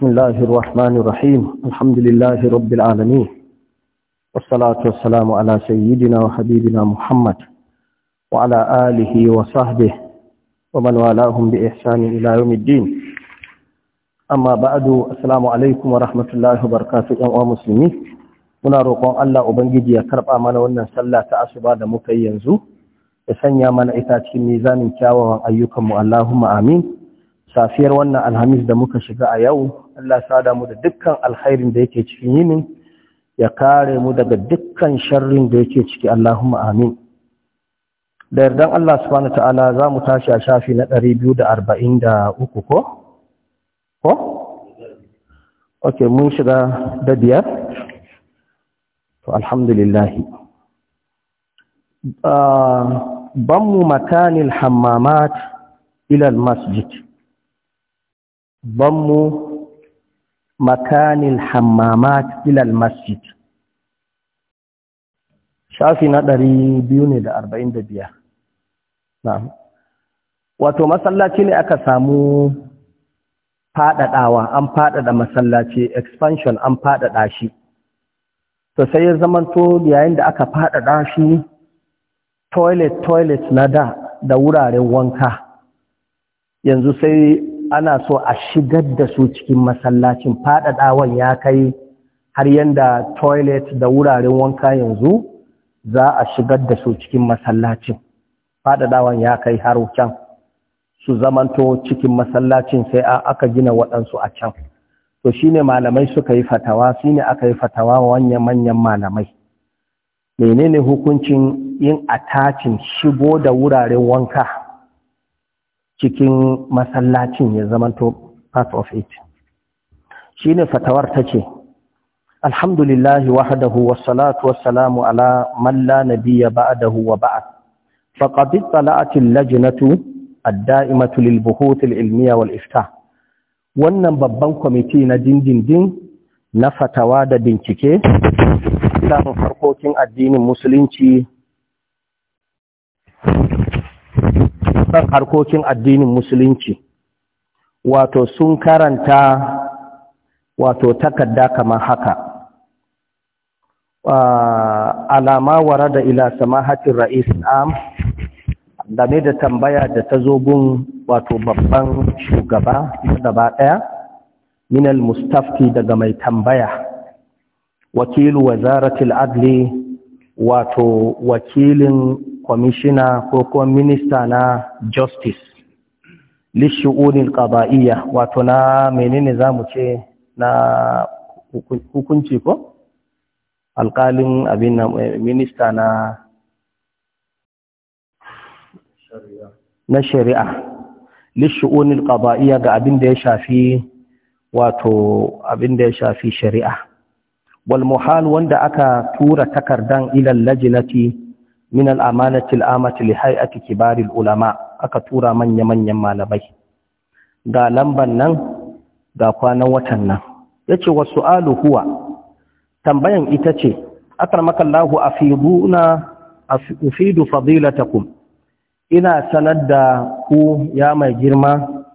بسم الله الرحمن الرحيم الحمد لله رب العالمين والصلاة والسلام على سيدنا وحبيبنا محمد وعلى آله وصحبه ومن والاهم بإحسان إلى يوم الدين أما بعد السلام عليكم ورحمة الله وبركاته يا مسلمين muna roƙon Allah Ubangiji ya karɓa mana wannan sallah ta asuba da muka yi yanzu ya sanya mana ita cikin mizanin kyawawan ayyukanmu Allahumma amin safiyar wannan alhamis da muka shiga a yau Allah sada mu da dukkan alkhairin da yake cikin yinin ya kare mu daga dukkan sharrin da yake ciki Allahumma amin da yardan Allah subhanahu ta'ala za mu tashi a shafi na 243 ko ko okay mun shiga da biyar to alhamdulillah ah, ban mu makanil hammamat ila masjid mu makanin hammama إلى masjid. shafi na ɗari biyu ne da arba'in da biyar wato masallaci ne aka samu faɗaɗawa an faɗaɗa masallaci expansion an faɗaɗa shi to sai ya zamanto yayin da aka faɗaɗa shi toilet toilet na da da wuraren wanka yanzu sai ana so a shigar da su cikin masallacin faɗaɗawan ya kai har yadda toilet da wuraren wanka yanzu za a shigar da su cikin masallacin faɗaɗawan ya kai har can su zamanto cikin masallacin sai aka gina waɗansu a can to shine malamai suka yi fatawa shine aka yi fatawa wanyan manyan malamai menene hukuncin yin tacin shigo da wuraren wanka cikin masallacin ya zamanto part of it ne fatawar ta ce alhamdulillahi wahdahu wassalatu wassalamu ala man la ba'a ba'dahu wa ba'd faqad tala'at lajnatu adda'imatu daimatu lil buhuth al wal iftah wannan babban kwamiti na dindindin na fatawa da bincike kan harkokin addinin musulunci san harkokin addinin musulunci wato sun karanta wato takarda kamar haka ah, alama warada ila samahatin ra'is am game da tambaya da ta zo gun wato babban shugaba gaba daya minal mustafti daga mai tambaya wakilu wazaratil adli wato wakilin kwamishina ko kuma minista na justice lishu'unil qada'iyya wato na menene zamu ce na hukunci ko alƙalin abin na eh, minista na na shari'a lishu'unil qada'iyya ga abin da ya shafi wato abin da ya shafi shari'a wal muhal wanda aka tura takardan ilal lajnati min al'amanati al'amati li hay'ati kibaril ulama aka tura manya manyan malamai ga lamban nan ga kwanan watan nan yace wa su'alu Aluhuwa? tambayan ita ce akramakallahu afiduna afidu fadilatakum ina sanar da ku ya mai girma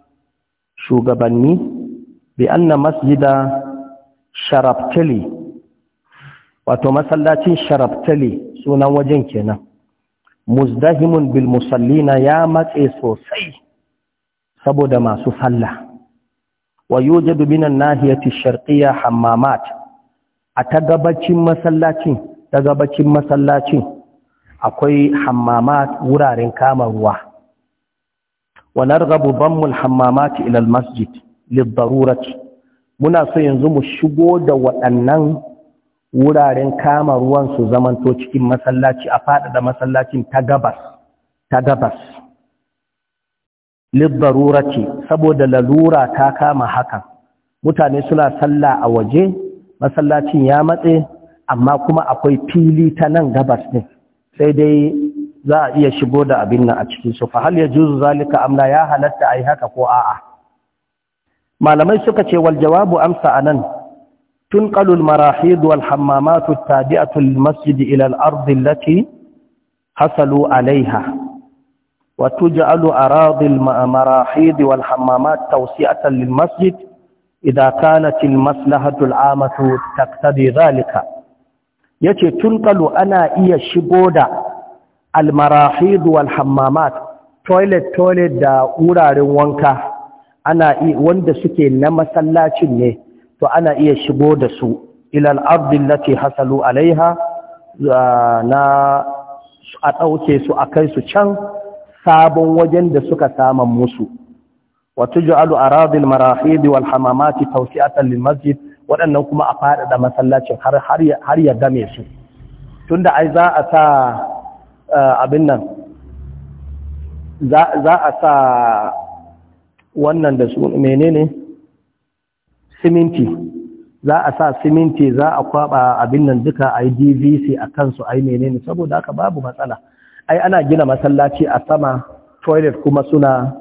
shugabanni bi anna masjida sharaftali wato masallacin sharaftali sunan wajen kenan muzdahimun bil musallina ya matse sosai saboda masu sallah wa yujadu minan nahiyati sharqiyya hammamat a ta gabacin masallacin ta gabacin masallacin akwai hammamat wuraren kama ruwa wa narghabu dammul hammamat ila al masjid lid darurati muna so yanzu mu shigo da waɗannan wuraren kama ruwan su zamanto cikin masallaci a faɗaɗa masallacin ta gabas ta gabas ce saboda lalura ta kama hakan mutane suna sallah a waje masallacin ya matse amma kuma akwai fili ta nan gabas ne sai dai za a iya shigo da abin nan a cikin su fa hal yajuzu zalika amla ya halatta ai haka ko a'a malamai suka ce wal jawabu amsa anan تنقل المراحيض والحمامات التابعة للمسجد إلى الأرض التي حصلوا عليها وتجعل أراضي المراحيض والحمامات توسعة للمسجد إذا كانت المصلحة العامة تقتضي ذلك يتي تنقل أنا إيا شبودة المراحيض والحمامات تويلت تويلت دا أورا روانكا أنا إيا واندسكي نمسلاتي masallacin to ana iya shigo da su ilal ardin lati hasalu alaiha na a ɗauke su a kai su can sabon wajen da suka saman musu wata ju'alu a radin marahidi wal hamamati tausi'atan lil masjid waɗannan kuma a faɗaɗa masallacin har ya game su tunda ai za a sa abin nan za a sa wannan da su menene ne siminti za a sa siminti za a kwaba abin nan duka a yi dvc a kansu a yi menene saboda haka babu matsala ai ana gina masallaci a sama toilet kuma suna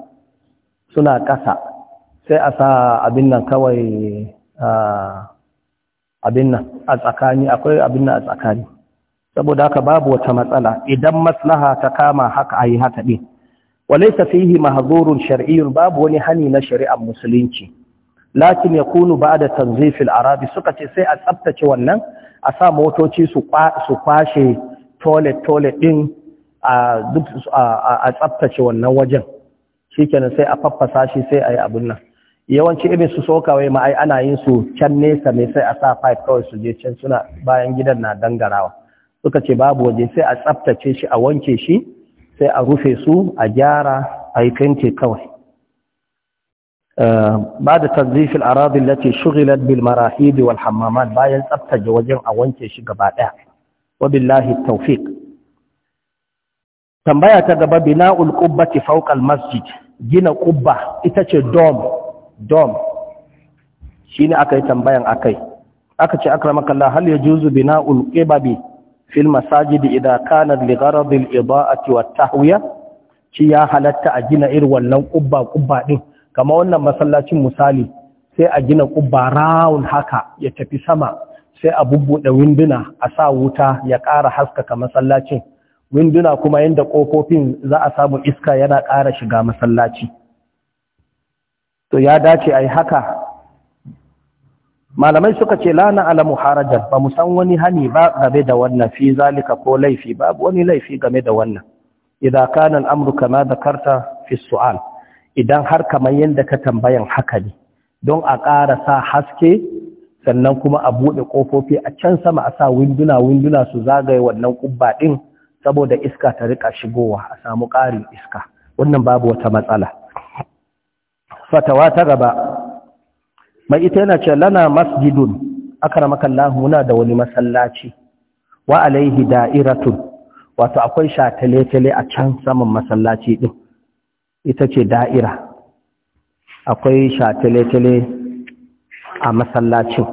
suna ƙasa sai a sa abin nan kawai abin nan a tsakani akwai abin nan a tsakani saboda haka babu wata matsala idan maslaha ta kama haka ayi haka ɗin. walaysa fihi mahzurun shar'iyyun babu wani hani na shari'ar musulunci lakin ya kunu ba da tanzifil arabi suka ce sai a tsabtace wannan a sa motoci su kwashe toilet-toilet din a tsabtace wannan wajen shi kenan sai a faffasa shi sai a yi abin nan yawanci irin su sokawai ma'ai ana yin su can nesa ne sai a sa five kawai su je can suna bayan gidan na dangarawa suka ce babu waje sai a tsabtace shi a wanke shi sai a rufe su a gyara a yi kawai da بعد تنظيف الأراضي التي شغلت wal والحمامات bayan tsaftace wajen a wanke shi gabaɗaya. daya wabillahi tawfiq tambaya ta gaba bina'ul qubbati fawqa masjid gina qubba ita ce dome dome shine akai tambayan akai aka ce akramakallah hal yajuzu bina'ul qibabi fil masajid idha kanat li gharad al-ida'ati wat shi ya halatta a gina irin wannan qubba qubba ɗin. kama wannan masallacin misali sai a gina ƙubba rawun haka ya tafi sama sai a bubbuɗe winduna a sa wuta ya ƙara haskaka masallacin winduna kuma yadda ƙofofin za a samu iska yana ƙara shiga masallaci to ya dace a haka malamai suka ce lana alamu harajar ba san wani hani ba game da wannan fi zalika ko laifi ba wani laifi game da wannan idan kanan amurka na da karta fi su'al idan har kamar yadda ka tambayan haka ne don a ƙara sa haske sannan kuma a buɗe ƙofofi a can sama a sa winduna winduna su zagaye wannan ƙubba ɗin saboda iska ta riƙa shigowa a samu ƙarin iska wannan babu wata matsala fatawa ta gaba mai ita yana ce lana masjidun muna da wani masallaci wa alaihi da'iratun wato akwai shataletale a can saman masallaci ɗin ita ce da'ira akwai shatile-tile a masallacin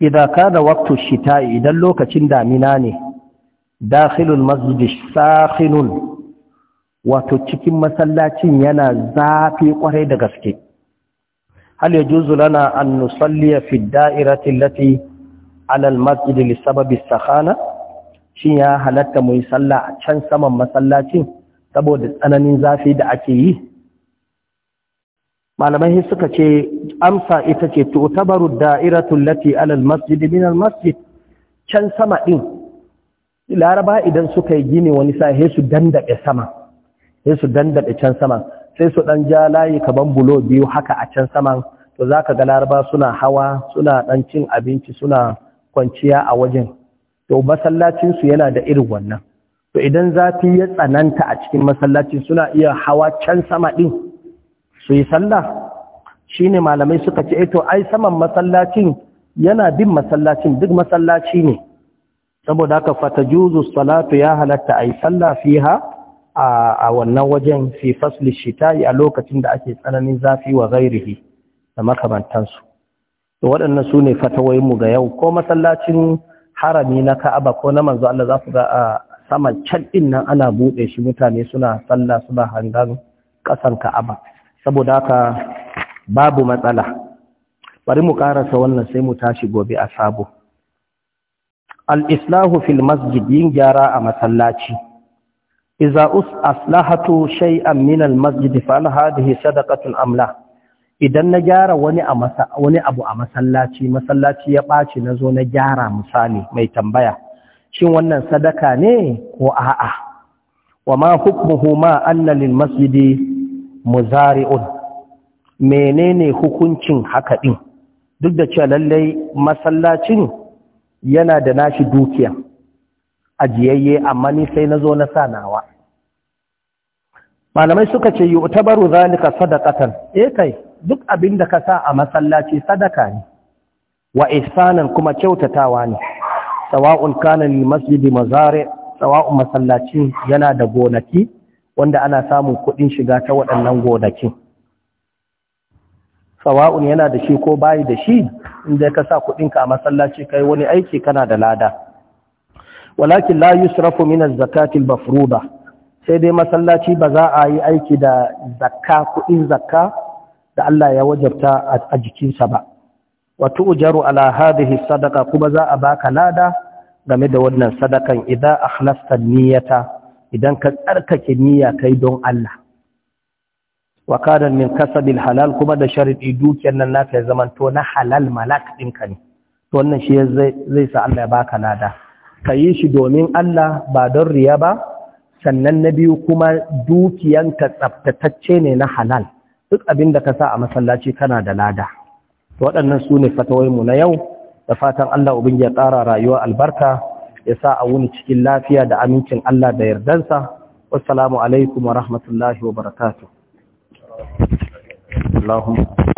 idan ka da waktu shita idan lokacin damina ne dakhilul masjid sakhinun wato cikin masallacin yana zafi kwarai da gaske hal yajuzu lana an nusalli fi da'irati allati ala al masjid li sababi sakhana shin ya halatta mu yi sallah a can saman masallacin saboda tsananin zafi da ake yi malamai suka ce amsa ita ce to tu'tabaru da'iratul lati alal masjid min masjid can sama din laraba idan suka yi gini wani sa he su dandabe sama he su dandabe can sama sai su ɗan ja layi ban bulo biyu haka a can sama. to zaka ga laraba suna hawa suna dan cin abinci suna kwanciya a wajen to masallacinsu yana da irin wannan to idan zafi ya tsananta a cikin masallaci suna iya hawa can sama ɗin su yi sallah shi ne malamai suka ce eh, to ai saman masallacin yana bin masallacin duk masallaci ne saboda haka fata juzu salatu ya halatta a yi sallah ha, a wannan wajen fi fasli a lokacin da ake tsananin zafi wa gairihi da makamantansu to waɗannan su ne fatawoyinmu ga yau ko masallacin harami na ka'aba ko na manzo Allah za su ga sama can ɗin nan ana buɗe shi mutane suna sallah suna hangan ƙasan ka'aba saboda haka babu matsala bari mu karasa wannan sai mu tashi gobe a sabo al-islahu fil masjid yin gyara a masallaci idza aslahatu shay'an min al-masjid fa hadhihi sadaqatun amla idan na gyara wani a wani abu a masallaci masallaci ya ɓaci na zo na gyara misali mai tambaya shin wannan sadaka ne ko a'a wa ma hukmuhu ma anna lil masjidi muzari'un menene hukuncin haka din duk da cewa lallai masallacin yana da nashi dukiya ajiyayye amma ni sai nazo na sanawa malamai suka ce yu'tabaru zalika sadaqatan eh kai duk abinda ka sa a masallaci sadaka ne wa ihsanan kuma kyautatawa ne sawa'un kana masu masjidi mazari sawa'un masallacin yana da gonaki wanda ana samun kuɗin shiga ta waɗannan gonakin Tsawa'un yana da shi ko bayi da shi inda ka sa ka a masallaci kai wani aiki kana da lada walakin la yusrafu min az-zakati al ba, sai dai masallaci ba za a yi aiki da zakka kuɗin zakka da Allah ya wajabta a jikinsa ba wa ujaru ala hadhihi sadaka kuma za a baka lada game da wannan sadakan idan akhlasta niyyata idan ka tsarkake niyya kai don Allah wa kana min kasabil halal kuma da sharidi dukiyar nan naka ya to na halal malak ɗinka ne to wannan shi zai sa Allah ya baka lada ka yi shi domin Allah ba don riya ba sannan na biyu kuma dukiyanka tsaftatacce ne na halal duk abin da ka sa a masallaci kana da lada waɗannan su ne mu na yau da fatan Allah ubin ya ƙara rayuwa albarka ya sa a wuni cikin lafiya da amincin Allah da yardansa wassalamu alaikum wa rahmatullahi wa barakatuh